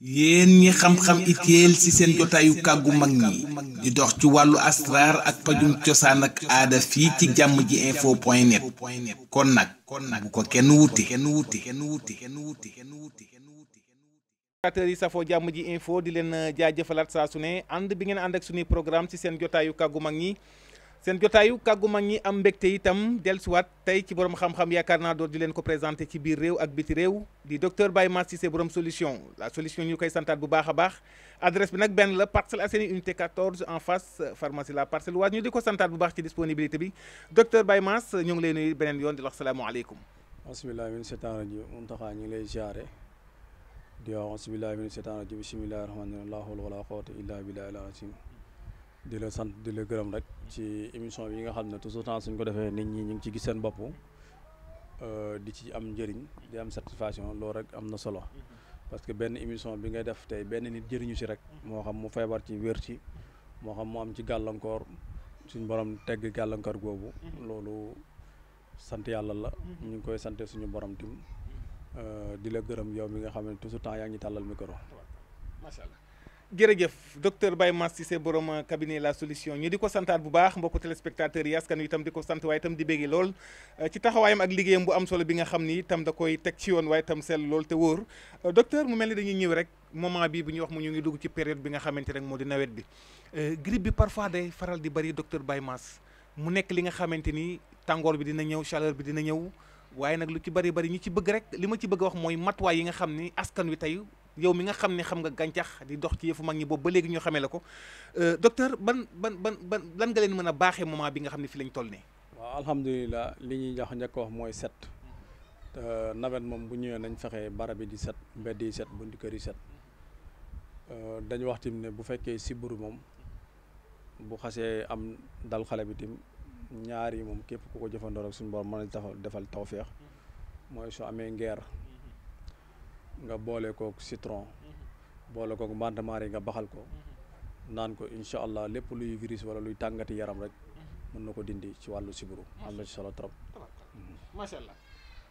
yéen ñi xam-xam itéel ci seen jotaayu kàggu mag ñi di dox ci wàllu asraar ak pajum cosaan ak aada fii ci jàmm ji info point net kon nag bu ko kenn wuti kenn wuti kenn wuti kenn wuti kenn wuti auditeurs yi safoo jàmm ji info di leen jaajëfalaat saa su ne ànd bi ngeen ànd ak suñuy programme ci seen jotaayu kàggu mag ñi seen jotaayu kàggu mag ñi am mbégte itam dellusiwaat tey ci borom xam-xam yaakaar naa doon di leen ko présenté ci biir réew ak biti réew di docteur Baye Mass Cissé borom solution la solution ñu koy santaat bu baax a baax adresse bi nag benn la Parcelles Assainies unité 14 en face pharmacie la Parcelle Ouest ñu di ko santaat bu baax ci disponibilité bi docteur Baye Mass ñu ngi lay nuyu beneen yoon di la wax salaamaaleykum. bismillahi min seetaan rajo Muntaxa ñu di la sant di la gërëm rek ci émission bi nga xam ne toujours temps suñ ko defee nit ñi ñu ngi ci gis seen bopp euh, di ci am njëriñ di am satisfaction loolu rek am na solo parce que benn émission bi ngay def tey benn nit jëriñu si rek moo xam mu feebar ci wér ci moo xam mu am ci gàllankoor suñ borom tegg gàllankoor googu loolu sant yàlla la ñu ngi koy sante suñu borom tim euh, di la gërëm yow mi nga xam ne tout ce temps yaa ngi tàllal micro. macha jërëjëf docteur Baye Mass Cissé borom cabinet la solution ñu di ko santaat bu baax mbokku téléspectateurs yi askan wi itam di ko sant waaye itam di béggee lool euh, ci taxawaayam ak liggéeyam bu am solo bi nga xam ni itam da koy teg ci yoon waaye itam sell lool te wóor euh, docteur mu mel ni dañuy ñëw rek moment bi bu ñuy wax mu ñu ngi dugg ci période bi nga xamante rek moo di bi euh, grippe bi parfois day faral di bëri docteur Baye mu nekk li nga xamante ni tàngoor bi dina ñëw chaleur bi dina ñëw waaye nag lu ci bëri bëri ñu ci bëgg rek li ma ci bëgg a wax mooy matuwaay yi nga xam ni askan wi tey yow mi nga xam ne xam nga gàncax di dox ci yëfu mag ñi boobu ba léegi ñu xamee la ko euh, docteur ban ban ban ban lan nga leen mën a baaxee moment bi nga xam ne fi lañ toll nii. waaw alhamdulilah li ñu ñuy jox njëkk wax mooy set nawet moom bu ñëwee nañ fexe barab yi di set mbedd yi set kër yi set euh, dañu wax tamit ne bu fekkee sibbiru moom bu xasee am dal xale bi tamit ñaar yi moom képp ku ko jëfandoo rek suñu borom mën a defal tawféex mooy soo amee ngeer. nga boole kook citron mhm. boole kook mbantamaar yi nga baxal ko mhm. naan ko incha allah lépp luy virus wala luy tàngati yaram rek mhm. mën na ko dindi ci wàllu siburu am na ci solo trop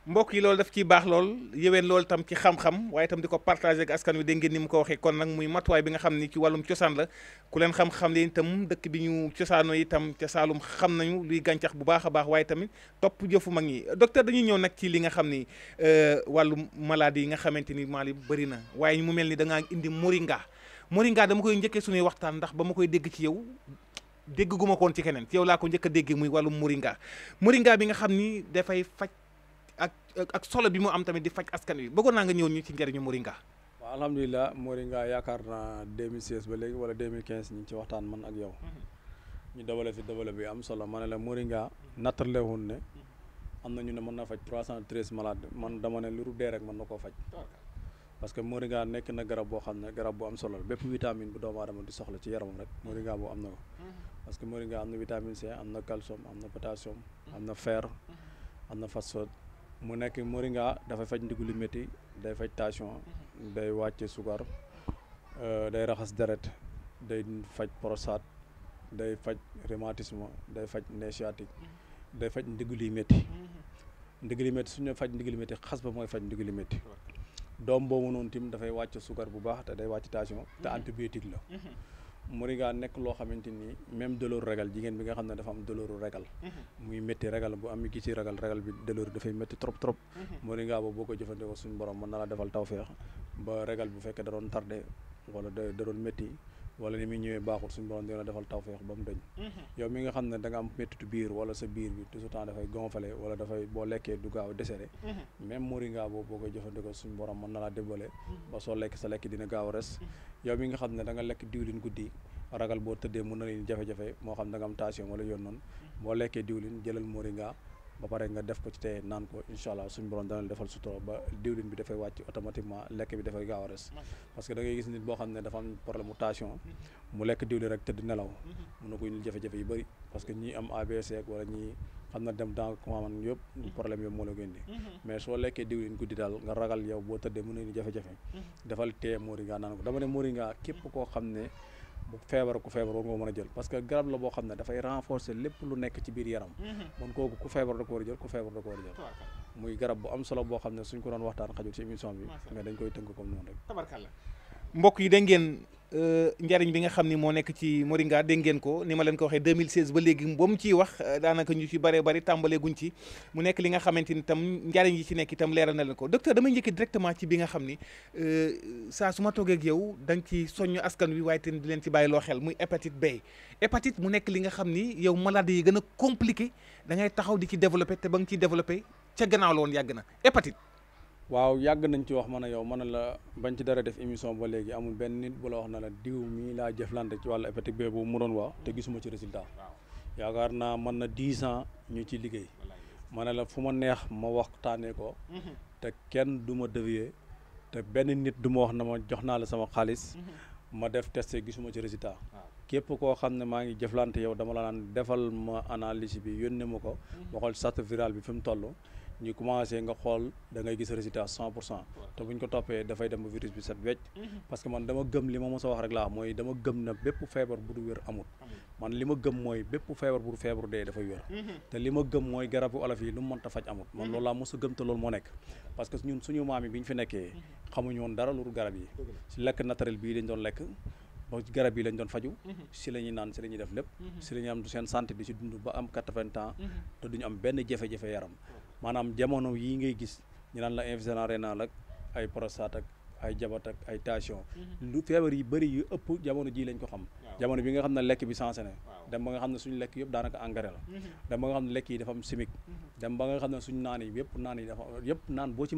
mbokk yi loolu daf ciy baax lool yéwén loolu tam ci xam-xam waaye tam di ko partagé ak askan wi dégg ngeen ni mu ko waxee kon nag muy matuwaay bi nga xam ni ci wàllum cosaan la ku leen xam-xam leen itam dëkk bi ñu cosaanoo itam ca Saalum xam nañu luy gàncax bu baax a baax waaye tamit topp jëfu mag ñi docteur dañuy ñëw nag ci li nga xam ni euh, wàllum maladie yi nga xamante ni maali bëri na waaye mu mel ni da ngaa indi moringa moringa dama koy njëkkee suñuy waxtaan ndax ba ma koy dégg ci yow dégg gu koon ci keneen ci yow laa ko njëkk a déggee muy wàllum moringa moringa bi nga xam ni dafay faj ak ak solo bi mu am tamit di faj askan wi bëggoon naa nga ñëw ñu ci njëriñu moringa waaw alhamdulilah moringa yaakaar naa 2016 ba léegi wala 2015 ñu ngi ci waxtaan man ak yow mhm. ñu dawale fi dawale bi am solo ma ne la moringa nattale woon ne am na ñu ne mën na faj 313 malade man dama ne lu dee rek mën na koo faj parce que moringa nekk na garab boo xam ne garab bu am solo bépp vitamine bu doomu aadama di soxla ci yaramam boo am na ko mhm. parce que moringa am na vitamine C am na na potassium mhm. na fer mu nekk moringa dafa faj ndiglu métti day faj tension mhm. day wàcce suukar euh, day raxas deret day faj prostate day faj rhumatisme day faj nerf mhm. day faj ndiglu métti mhm. ndiglu métti su ñu faj ndiglu métti xas ba mooy faj ndiglu métti doom boobu noonu tim dafay wàcce suukar bu baax te day wàcc tension te antibiotique la moringa nekk loo xamante ni même douleur ragal jigéen bi nga xam ne dafa am douleur ragal mm-hmm. muy métti ragal bu am gisi ragal ragal bi douleur dafay métti trop trop mm-hmm. moringa boobu boo ko jëfandikoo suñu borom mën na la defal tawfeex ba ragal bu fekkee da doon tardé wala da doon métti wala ni muy ñëwee baaxul suñu borom dina defal tawféex ba mu dëñ mhm. yow mi nga xam ne da nga am méttitu biir wala sa biir bi tout ce temps dafay gonfale wala dafay boo lekkee du gaaw a desere mhm. même moringa boobu boo koy jëfandikoo suñu borom mën na laa dimbale mhm. ba soo lekk sa lekk dina gaaw a res yow mi nga xam ne da nga lekk diwlin guddi ragal boo tëddee mën na leen jafe-jafe moo xam da nga am tension wala yoon noonu boo lekkee diwlin jëlal moringa ba pare nga def ko ci tey naan ko incha allah suñu borom dana defal sutura ba diwlin bi dafay wàcc automatiquement lekk bi dafay gaaw a res parce que da gis nit boo xam ne dafa problème mu tension mu lekk diwlin rek tëdd nelaw mhm. mun na ko indil jafe-jafe yu bëri parce que ñi am ABC ak wala ñi xam na dem dans commandement yëpp mhm. problème yëpp moo la génne mhm. mais soo lekkee diwlin guddi daal nga ragal yow boo tëddee mën na indi jafe-jafe defal bu feebar ku feebar war nga mën a jël parce que garab la boo xam ne dafay renforcer lépp lu nekk ci biir yaram man mhm. kooku ku feebar da ko war a jël ku feebar da ko war a jël muy garab bu am solo boo xam ne suñ ko doon waxtaan xajul ci émission bi mais dañ koy tënk comme noonu rek Euh, njariñ bi nga xam ni moo nekk ci moringa dégg ngeen ko ni ma leen ko waxee 2016 ba léegi ba mu ciy wax euh, daanaka ñu ci bare bari tàmbalee guñ ci mu nekk li nga xamante ni tam njariñ yi ci nekk itam leeral na leen ko docteur damay njëkki directement ci bi nga xam ni euh, saa su ma toogee yow da nga ci soññ askan wi waaye tamit di leen ci bàyyi loo xel muy hépatite B hépatite mu nekk li nga xam ni yow maladie yi gën a compliqué da taxaw di ci développé te ba nga ciy développé ca gannaaw la woon yàgg na hépatite waaw yàgg nañ ci wax ma ne yow man na la bañ ci dara def émission ba léegi amul benn nit bu la wax na la diw mii laa jëflante ci wàllu hépatite B mu doon wax te gisuma ci résultat yaakaar naa man na dix ans ñu ci liggéey ma ne la fu ma neex ma waxtaanee ko mhm. te kenn du ma dévier te benn nit du ma wax na ma jox naa la sama xaalis mhm. ma def testé gisuma ci résultat képp koo xam ne maa ngi jëflante yow dama la naan defal ma analyse bi yónnee ma ko mhm. waxal charte virale bi fi mu toll ñu commencé nga xool da gis résultat cent pour cent te buñ ko toppee dafay dem ba virus bi set wecc mhm. parce que man dama gëm li ma mos a wax rek laa mooy dama gëm na bépp feebar bu du wér amul man li ma gëm mooy bépp feebar bu du feebar dee dafay mhm. li ma gëm mooy garabu olof yi lu mu mënta faj amul man mhm. loolu laa mos a gëm te loolu moo nekk parce que ñun suñu maam bi ñu fi nekkee xamuñu dara lu dul garab yi lekk naturel bii dañ doon lekk maanaam jamono yi ngay gis ñu naan la insuffisance rénale ak ay prostate ak ay jabat ak ay tension mhm. lu feebar yi bëri yu ëpp jamono ji lañ ko xam jamono bi nga xam ne lekk bi sensé na dem ba nga xam ne suñu lekk yëpp daanaka engrais la mhm. dem ba nga xam ne lekk yi dafa am chimique mhm. dem ba nga xam ne suñu naan yi yëpp naan yi dafa yëpp naan boo ci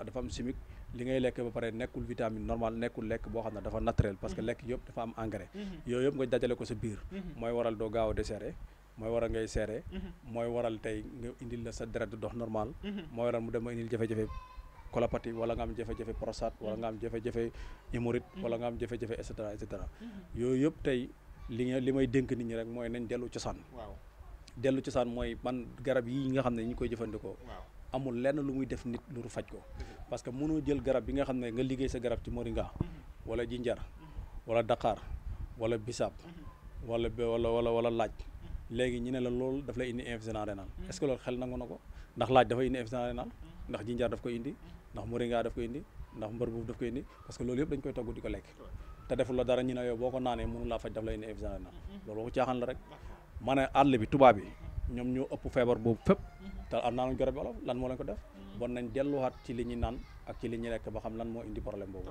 a am chimique li ngay lekk ba pare nekkul vitamine normal nekkul lekk boo xam ne dafa naturel parce que mhm. lekk yëpp dafa am engrais mhm. yooyu yëpp nga dajale ko sa biir mhm. mooy waral doo gaaw a desserré seere mooy waral tey nga indil la sa deret dox normal mooy waral mu dem a indil jafe-jafe colopathie wala nga am jafe-jafe prostate wala nga am jafe-jafe hémorroïde wala nga am jafe-jafe et yooyu yëpp tey li li may dénk nit ñi rek mooy nañ dellu cosaan waaw dellu cosaan mooy man garab yi nga xam ne ñi koy jëfandikoo amul lenn lu muy def nit lu du faj ko parce que mënoo jël garab bi nga xam ne nga liggéey sa garab ci moringa wala jinjar wala daqaar wala bisaab wala wala wala wala laaj léegi ñu ne la loolu daf lay indi insuffisance rénale est-ce loolu xel nangu na ko ndax laaj dafa indi insuffisance rénale ndax jinjar daf ko indi ndax moringa daf ko indi ndax mbër buuf daf koy indi parce que loolu yëpp dañ koy togg di ko lekk te deful la dara ñu ne yow boo ko naanee mënu laa faj daf lay indi insuffisance rénale loolu waxu caaxaan rek ma àll bi tubaab bi ñoom ñoo ëpp feebar boobu fépp te am naa garab olof lan moo leen ko def mm-hmm. bon nañ delluwaat ci li ñuy naan ak ci li ñuy lekk ba xam lan moo indi problème boobu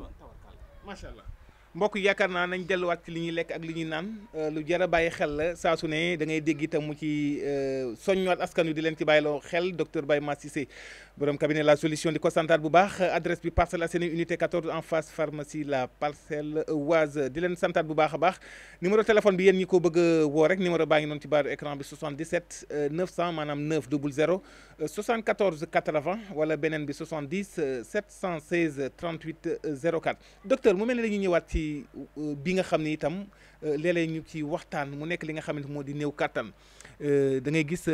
macha allah mbokk yaakaar naa nañ delluwaat ci li ñuy lekk ak li ñuy naan euh, lu jar a bàyyi xel saa su ne da ngay dégg tam mu ci euh, soññoot askan wi di leen ci bàyyiloo xel docteur Baye Mass Cissé borom cabinet la solution di ko santaat bu baax adresse bi Parcelles Assainies unité 14 en face pharmacie la Parcelle Oise di leen santaat bu baax a baax numéro téléphone bi yéen ñi ko bëgg a woo rek numéro baa ngi noonu ci baaru écran bi 77 900 euh, maanaam 9 00 74 80 wala beneen bi 70 716 38 04 docteur mu mel ne dañuy ñëwaat ci. ci euh, bi nga xam ne itam euh, léeg-léeg ñu ci waxtaan mu nekk li nga xamante moo di néew kàttan euh, da ngay gis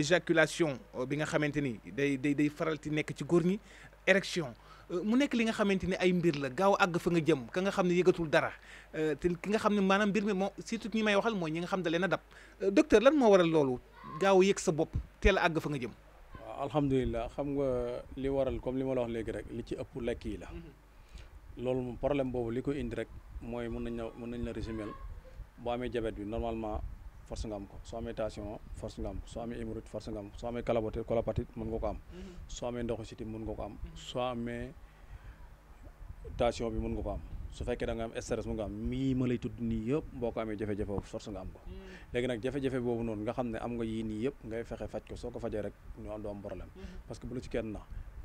éjaculation bi nga xamante ni day day day faral di nekk ci góor ñi érection mu nekk li nga xamante ni ay mbir la gaaw àgg fa nga jëm ka nga xam ne yëgatul dara te ki nga xam ne maanaam mbir mi moo surtout ñu may waxal mooy ñi nga xam da leen a dab docteur lan moo waral loolu gaaw yëg sa bopp teel a àgg fa nga jëm. waaw alhamdulilah xam nga li waral kom li ma la ci ëpp lekk la. Mm-hmm. loolu moom problème boobu li ko indi rek mooy mën nañ la mën nañ la résumer boo amee jabet bi normalement force nga am ko soo amee tension force nga am soo amee hémorroïde force nga am ko soo amee calopathie colopatite nga ko am mhm. soo amee ndoxu siti mën nga ko am mhm. soo amee tension bi mën nga ko am su fekkee da nga am stress mu nga am mii ma lay tudd nii yëpp boo ko amee jafe-jafe boobu force nga am ko mhm. léegi nag jafe-jafe boobu noonu nga xam ne am nga yii nii yëpp ngay fexe faj ko soo ko fajee rek ñu am doo am problème parce que bu la ci kenn na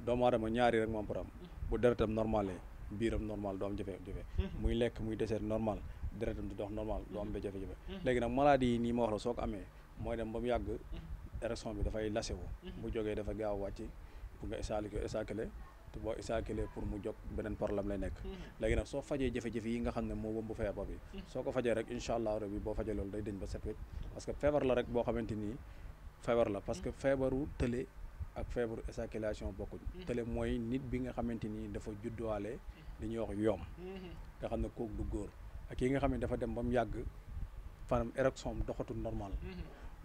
doomu aadama ñaari rek mu am problème bu deretam normal biiram normal du am jafe-jafe mhm. muy lekk muy dessert normal deretam di dox normal du am ba mhm. jafe-jafe mhm. léegi nag maladie yi nii ma wax la soo ko amee mooy dem ba mu yàgg érection bi dafay lase wu jógee dafa gaaw wàcc pour nga isaalike isaakale te boo fajee loolu day dëñ ba set wecc parce que feebaru tële ak feebaru éjaculation bokkuñ mooy nit bi nga xamante nii dafa judduwaale li ñuy wax yoom nga xam ne kooku du góor ak yi nga xam ne dafa dem ba mu yàgg fanam érection doxatul normal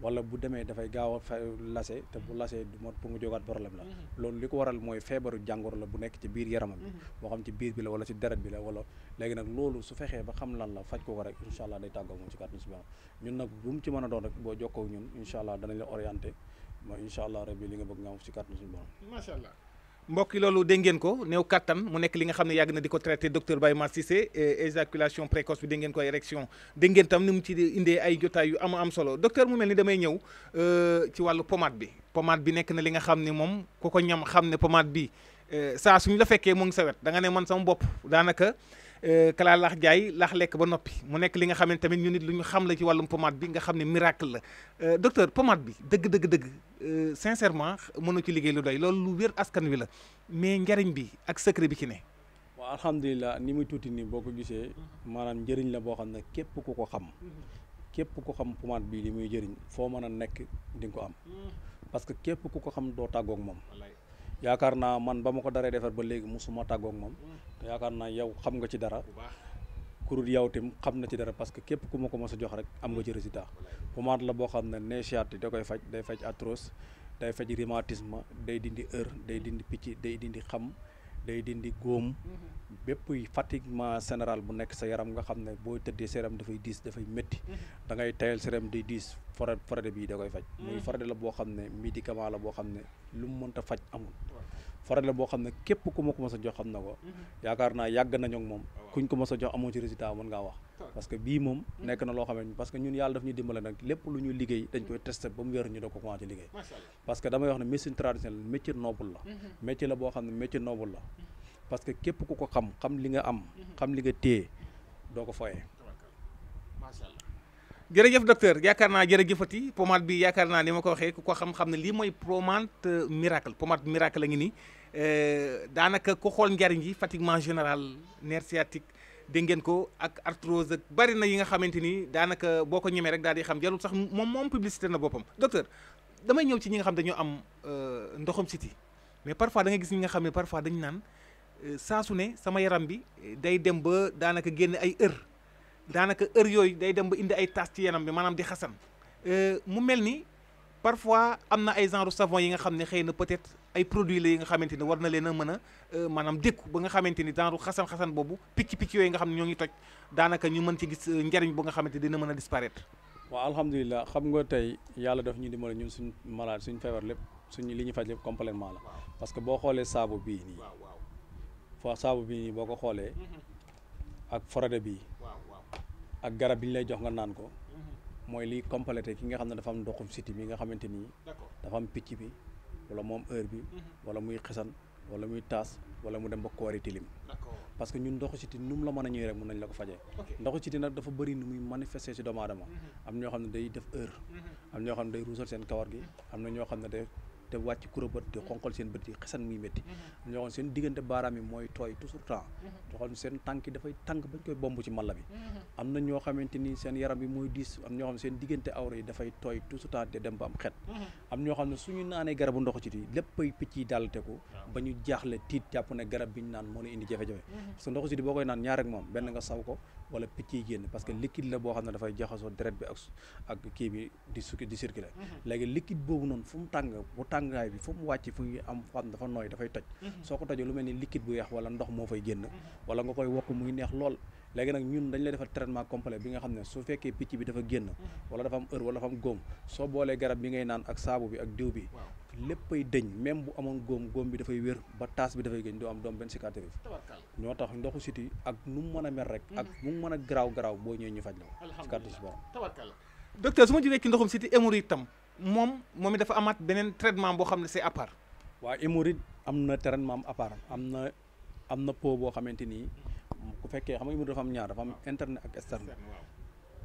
wala bu demee dafay gaaw a lase te bu lasee du moo pour nga jógaat problème la loolu li ko waral mooy feebaru jàngoro la bu nekk ci biir yaramam bi boo xam ci biir bi la wala ci deret bi la wala léegi nag loolu su fexee ba xam lan la faj ko ko rek incha allah day tàggoo moom ci kàttan subhana ñun nag bu mu ci mën a doon rek boo jokkoo ñun incha allah danañ la orienté ma mbokk yi loolu dégg ngeen ko new kattan mu nekk li nga xam ne yàgg na di ko traité docteur Baye Mar Cissé eh, éjaculation précoce bi dégg ngeen ko érection dégg ngeen tam ni mu ci indee ay jotaay yu am am solo docteur mu mel ni damay ñëw euh, ci wàllu pomat bi pomat bi nekk na li nga xam ne moom ku ko ñam xam ne pomat bi euh, saa suñu la fekkee mu ngi sa wet da ne man sama bopp daanaka kalaa euh, laax jaay laax lekk ba noppi mu nekk li nga xam ne tamit ñu nit lu ñu xam la ci wàllum pomade bi nga xam ne miracle la euh, docteur pomade bi dëgg dëgg dëgg euh, sincèrement mënu ci liggéey lu day lool lu wér askan wi la mais njariñ bi ak secret bi ci ne. waaw alhamdulilah ni muy tuuti nii boo ko gisee maanaam njëriñ la boo xam ne képp ku ko xam. képp ku xam pomade bi li muy jëriñ foo mën a nekk di ko am mm-hmm. parce que képp ku ko xam doo tàggoog moom yaakaar naa man ba ma ko daree defar ba léegi musuma tàggoog moom te yaakaar naa yow xam nga ci dara kurut yow tim xam na ci dara parce que képp ku ma ko mos a jox rek am nga ci résultat pommade la boo xam ne néciate da koy faj day faj arthrose day faj rhumatisme day dindi heure day dindi picc day dindi xam day dindi góom mm-hmm. bépp fatiguement général bu nekk sa yaram nga xam ne boo tëddee sa yaram dafay diis dafay métti mm-hmm. da ngay tayal sa yaram day diis fara farade bii da koy faj muy mm-hmm. farade la boo xam ne médicament la boo xam ne lu mu mënta faj amul faral boo xam ne képp ku ma ko mos a jox xam na ko mhm. yaakaar naa yàgg nañu moom ah, kuñ ko mos a jox amoo ci résultat mën ngaa wax parce que bii moom mhm. nekk na loo xam ne parce que ñun yàlla daf ñu dimbale nag lépp lu ñuy liggéey dañ koy mhm. testé ba mu wér ñu da la métier la la parce que képp ku yaakaar naa jërëjëfati pomade bi yaakaar naa ni ma ko waxee ku ko xam-xam ne lii mooy pomade miracle pomade miracle a ngi nii Euh, daanaka ko xool njariñ yi fatiguement général nerf sciatique dégg ngeen ko ak arthrose ak bari na yi nga xamante ni daanaka boo ko ñemee rek daal di xam jarul sax moom moom publicité na boppam docteur damay ñëw ci ñi nga xam dañoo am euh, ndoxum siti mais parfois da gis ñi nga xam ne parfois dañu naan euh, saasu ne sama yaram bi day dem ba daanaka génn ay heure daanaka heure yooyu day dem ba indi ay taas ci yaram bi maanaam di xasan mu mel ni parfois am na ay genre savon yi nga xam ne xëy na peut-être ay produit la yi nga xamante ni war na leen a mën a euh, maanaam dékku ba nga xamante ni genre xasan-xasan boobu picc-picc yooyu nga xam ne ñoo ngi toj daanaka ñu mën ci gis euh, njariñ ba nga xamante dina mën a disparaître waaw alhamdulilah xam nga tey yàlla daf ñu dimbali ñun suñ malade suñ feebar lépp suñu li ñuy faj lépp complètement la parce que boo xoolee saabu bii nii foo saabu bii nii boo ko xoolee mm-hmm. ak forade bii ak garab bi ñu lay jox nga naan ko mm-hmm. mooy liy complété ki nga xam ne dafa am ndoxum siti mi nga xamante nii dafa am picc bi wala moom heure bi mhm. wala muy xesan wala muy taas wala mu dem ba koori tilim parce que ñun ndoxu siti nu mu la mën a ñëwee rek mun nañ la ko fajee ndoxu siti nag dafa bëri nu muy manifester si doomu mhm. am ñoo xam ne day def heure mhm. am ñoo xam ne day ruusal seen kawar gi am na ñoo xam ne day te wàcc kurobët te xonqal seen bët yi xesan muy métti mhm. ñoo xam seen diggante baaraam yi mooy tooy toujours temps mhm. ñoo xam seen tànk yi dafay tànk bañ koy bomb ci malla bi mhm. am na ñoo xamante ni xam seen diggante awra yi dafay ba am xet naanee garabu ndox ci ti léppay picc yi daalte ko ba ñu jaaxle tiit jàpp ne garab bi ñu naan moo indi jafe-jafe parce que ndoxu moom benn nga saw ko wala picc yi génn parce que liquide la boo xam ne dafay jaxasoo deret bi ak ak kii bi di sukki di circuler mhm. léegi liquide boobu noonu fu mu tàng bu tàngaay bi fu mu wàcc fu ngi am xam dafa nooy dafay toj mhm. soo ko tojee lu mel ni liquide bu weex wala ndox moo fay génn mhm. wala nga koy wokk muy neex lool léegi nag ñun dañ lay defal traitement complet bi nga xam ne su fekkee picc bi dafa génn mhm. wala dafa am heure wala dafa am góom soo boolee garab bi ngay naan ak saabu bi ak diw bi léppay dëñ même bu amoon góom góom bi dafay wér ba taas bi dafay gën doo am doom benn cicatrice ñoo tax ndoxu siti ak nu mu mën a mel rek ak mhm. nu mu mën a garaaw garaaw boo ñëwee ñu faj la cicatrice borom tabarkalla docteur su ma jugee ci ndoxum siti hémorroïde tam moom moom it dafa amaat beneen traitement boo xam ne si à part waaw hémorroïde am na traitement am à am na am na pot boo xamante nii mhm. ku fekkee xam nga imur dafa am ñaar dafa am interne ak externe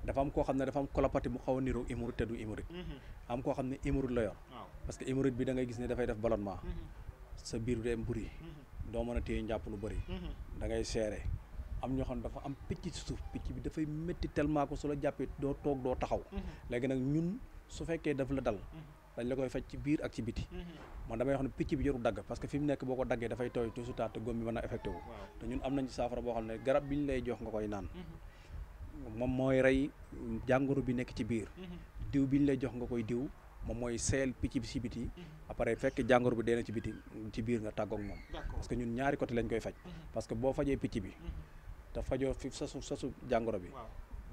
dafa am koo xam ne dafa am colopathie mu xaw a niru hémorroïde te du hémorroïde mm-hmm. am koo xam ne hémorroïde la yor parce que bi da ngay gis ne dafay def ballonnement mm-hmm. sa biir day mburi mm-hmm. doo mën a téye njàpp lu bëri da seere am ñoo xam dafa am picc ci suuf picc bi dafay métti tellement su la jàppee doo toog doo taxaw léegi nag ñun su fekkee daf la dal dañ la koy faj ci biir ak ci biti mhm. man damay wax ne picc bi jarul dagg parce que fi mu nekk boo ko daggee dafay tooy toujours te góom bi a affecté te ñun am nañ saafara boo xam ne garab bi ñu lay jox nga koy naan mhm. moom mooy rey jàngoro bi nekk ci biir mhm. diw bi ñu lay jox nga koy diw moom mooy seel picc bi si biti après fekk jàngoro bi dee na ci biti ci biir nga tàggoog moom parce que ñun ñaari côté lañ koy faj parce que boo fajee picc bi te fajoo fi sasu sasu jàngoro bi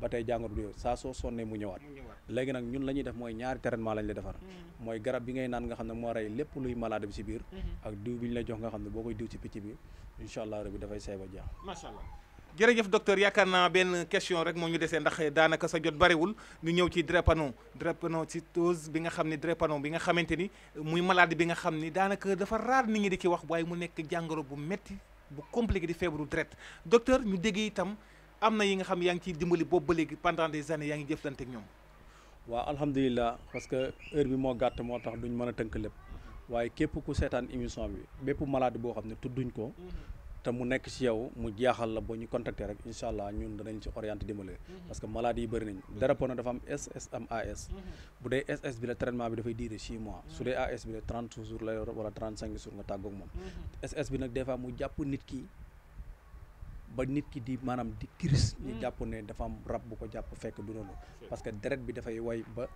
ba tey jàngoro du saa soo sonnee mu ñëwaat léegi nag ñun la ñuy def mooy ñaari traitement lañ la defar mm-hmm. mooy garab bi ngay naan nga xam ne moo rey lépp luy malade bi si biir mm-hmm. ak diw bi ñu lay jox nga xam ne boo koy diw ci picc bi incha allah rabbi dafay seey ba jeex macha allah yaakaar naa benn question rek moo ñu desee ndax daanaka sa jot bariwul ñu ñëw ci drépano drépanocytose bi nga xam ni drépano bi nga xamante ni muy malade bi nga xam ni daanaka dafa raar nit ñi di ci wax waaye mu nekk jàngoro bu metti bu compliqué di feebaru dret docteur ñu déggee itam am na yi nga xam yaa ngi ciy dimbali boobu ba léegi pendant des années yaa ngi jëflante ak parce que heure bi moo gàtt moo tax duñ mën a tënk lépp waaye képp ku seetaan émission bi bépp malade boo xam ne tudduñ ko. te mu nekk ci yow mu jaaxal la boo ñu contacter rek incha allah ñun danañ ci orienté dimbale parce que maladie yi bëri nañ darapo na dafa am SS am AS bu dee SS bi la traitement bi dafay diire 6 mois su dee AS bi la 30 jours la yor wala 35 jours nga tàggoog moom SS bi nag des fois mu jàpp nit ki ba nit ki di maanaam di kiris mm. ñu jàpp ne dafa am rab bu ko jàpp fekk du noonu parce que deret bi dafay way ba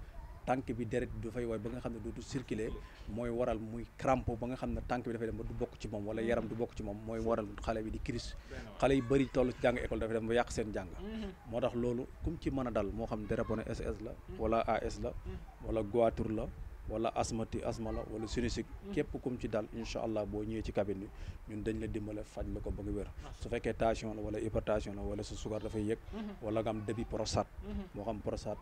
tànk bi deret bi dafay way ba nga xam ne dootu circuler mooy waral muy crampo ba nga xam ne tànk bi dafay dem du bokk ci moom wala mm. yaram du bokk ci moom mooy waral xale bi di kiris xale yi bëri toll ci jàng école dafay dem ba yàq seen jàng mm-hmm. moo tax loolu kum ci mën a dal moo xam drépano SS la mm. wala AS la wala goitur la wala asmati asma la wala sinusite hmm. képp kum ci dal incha allah boo ñëwee ci cabine bi ñun dañ la dimbale faj la ko ba nga wér ah. su fekkee tension la wala hypertension la wala su sugar dafay yëg hmm. wala nga am débit prostate hmm. moo xam prostate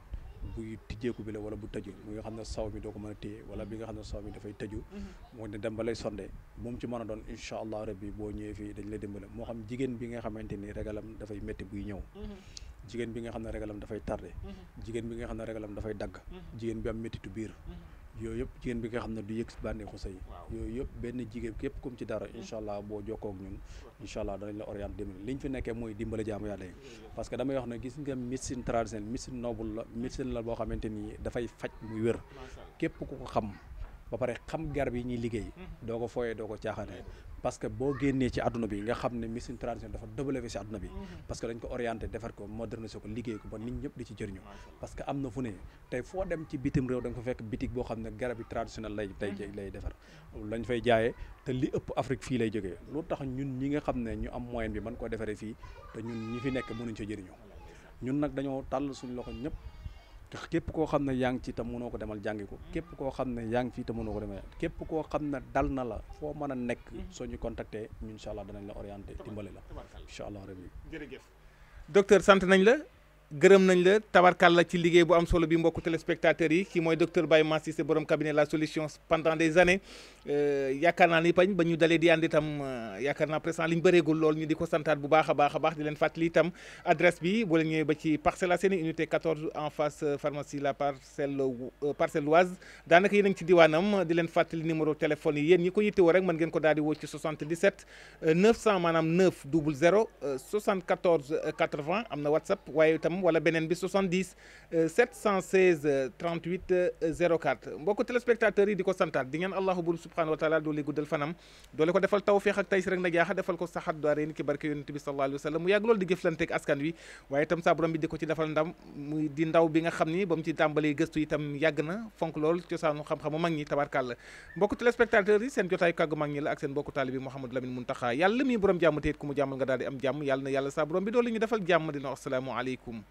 buy tijjeeku bi la wala bu tëju mu nga xam ne saw bi doo ko mën a téye wala bi nga xam ne saw bi dafay tëju moo ne dem ba lay sonde moom ci mën a doon incha allah rabbi boo ñëwee fii dañ la dimbale moo xam jigéen bi nga xamante ni regalam dafay métti buy ñëw jigéen bi nga xam ne regalam dafay tardé jigéen bi nga xam ne regalam dafay dagg jigéen bi am méttitu biir yooyu yëpp jigéen bi nga xam ne du yëg bànneexu sëy yooyu yëpp benn jigéen képp kum ci dara mm-hmm. incha boo jokkoo ñun mm-hmm. incha allah la orienté dimbali liñ fi nekkee mooy dimbali jaamu yàlla yi mm-hmm. parce que damay wax ne gis nga médecine traditionnelle médecine noble la la boo xamante ni dafay faj muy wér képp ku ko xam ba pare xam garab yi ñuy liggéey doo ko fooyee doo ko caaxaanee parce que boo génnee ci àdduna bi nga xam ne médecine traditionnelle dafa développé si àdduna bi mhm. parce que dañ ko orienté defar ko modernisé ko liggéey ko ba nit ñëpp di ci jëriñu parce que am na fu ne tey foo dem ci bitim réew da nga fa fekk bitig boo xam ne garab yi lay tey mhm. lay defar lañ fay jaayee te li ëpp Afrique fii lay jógee loolu tax ñun ñi nga xam ne ñu am moyen bi mën koo defaree fii te ñun ñi fi nekk mënuñ ci jëriñu ñun nag dañoo tàll suñu loxo ñëpp te képp koo xam ne yaa ngi ci te mënoo ko demal jàngi ko képp koo xam ne yaa ngi fii te mënoo ko demal képp koo xam ne dal na la foo man a nekk mhm. soo ñu contacté ñu incha allah danañ la orienté dimbali la incha allah rabbi jërëjëf docteur sant nañ la gërëm nañ la tabarkàlla ci liggéey bu am solo bi mbokku téléspectateurs yi ki mooy docteur Baye Mass Cissé borom cabinet la solution pendant des années euh, yaakaar naa ni pañ ba ñu dalee di ànd itam euh, yaakaar naa présent li ñu lool ñu di ko santaat bu baax a baax a baax di leen fàttali itam adresse bi boo leen ba ci Parcelles Assainies unité 14 en face euh, pharmacie la parcelle parcelloise daanaka yéen a ngi ci diwaanam di leen fàttali numéro téléphone yi yéen ñi ko yittewoo rek mën ngeen ko daal di woo ci 77 900 maanaam 9 00 74 80 am na whatsapp waaye itam am wala beneen bi 70 716 38 04 mbokku téléspectateurs yi di ko santaat di ngeen allahu buur subhanahu wa taala doole guddal fanam doole ko defal tawféex ak taysir ak najaaxa defal ko saxat doare ni ki barke yonent bi sallallahu alayhi wa sallam mu yàgg loolu di jëflanteeg askan wi waaye itam saa bi di ko ci defal ndam muy di ndaw bi nga xam ni ba mu ci tàmbalee gëstu itam yàgg na fonk lool cosaanu xam-xamu mag ñi tabarkàlla mbokku téléspectateurs yi seen jotaayu kàggu la ak seen mbokku taalibi ku